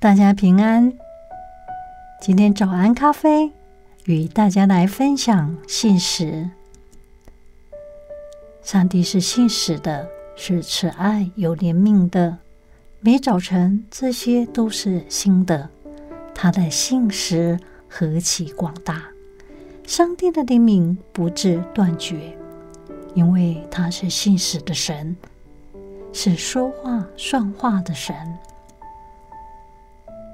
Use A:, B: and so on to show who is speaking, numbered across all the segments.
A: 大家平安，今天早安咖啡與大家來分享信實。上帝是信實的，是慈愛有憐憫的。每早晨這些都是新的，他的信實何其廣大！上帝的憐憫不至斷絕，因為他是信實的神，是說話算話的神。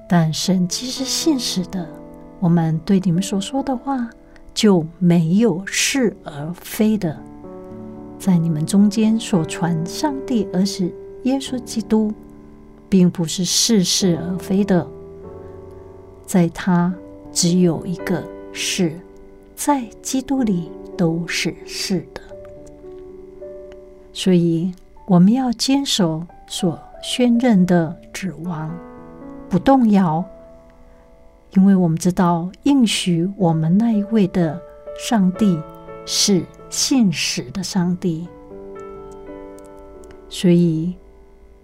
A: 但神既是信實的，我們對你們所說的話就沒有是而非的。在你們中間所傳上帝而是耶穌基督，並不是是是而非的。在他只有一個是，在基督裡都是是的。所以我們要堅守所宣認的指望。不動搖，因為我們知道應許我們那一位的上帝是信實的上帝，所以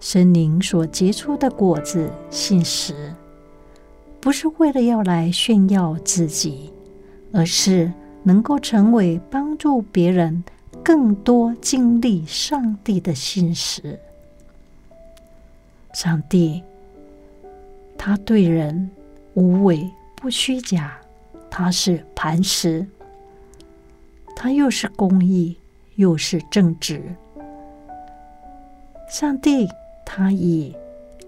A: 聖靈所結出的果子，信實不是為了要來炫耀自己，而是能夠成為幫助別人更多經歷上帝的信實。上帝。他對人無偽，不虛假，他是磐石，他又是公義，又是正直。上帝他以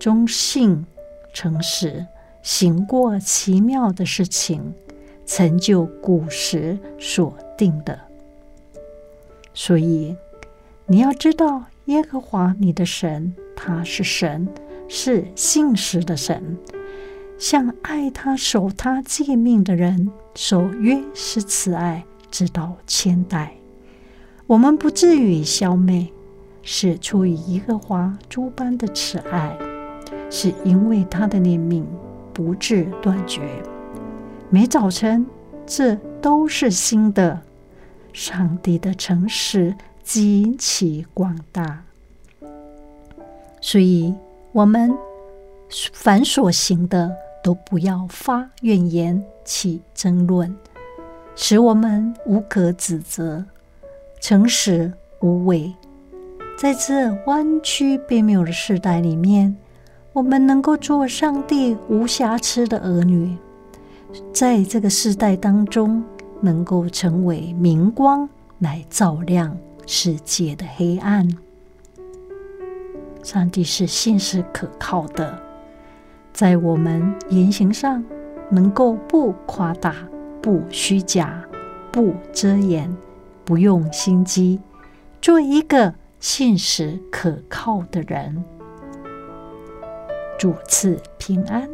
A: 忠信、誠實行過奇妙的事情，成就古時所定的。所以你要知道耶和華你的神，他是神。是信實的神，向愛他、守他誡命的人守約施慈愛，直到千代。我們不至於消滅，是出於耶和華諸般的慈愛，是因為他的憐憫不至斷絕。每早晨，這都是新的。上帝的誠實極其廣大，所以。我們凡所行的，都不要發怨言、起爭論，使我們無可指責，誠實無偽，在這彎曲悖謬的世代裡面，我們能夠做上帝無瑕疵的兒女，在這個世代當中，能夠成為明光，來照亮世界的黑暗。上帝是信實可靠的，在我們言行上能夠不誇大、不虛假、不遮掩、不用心機，做一個信實可靠的人。主賜平安。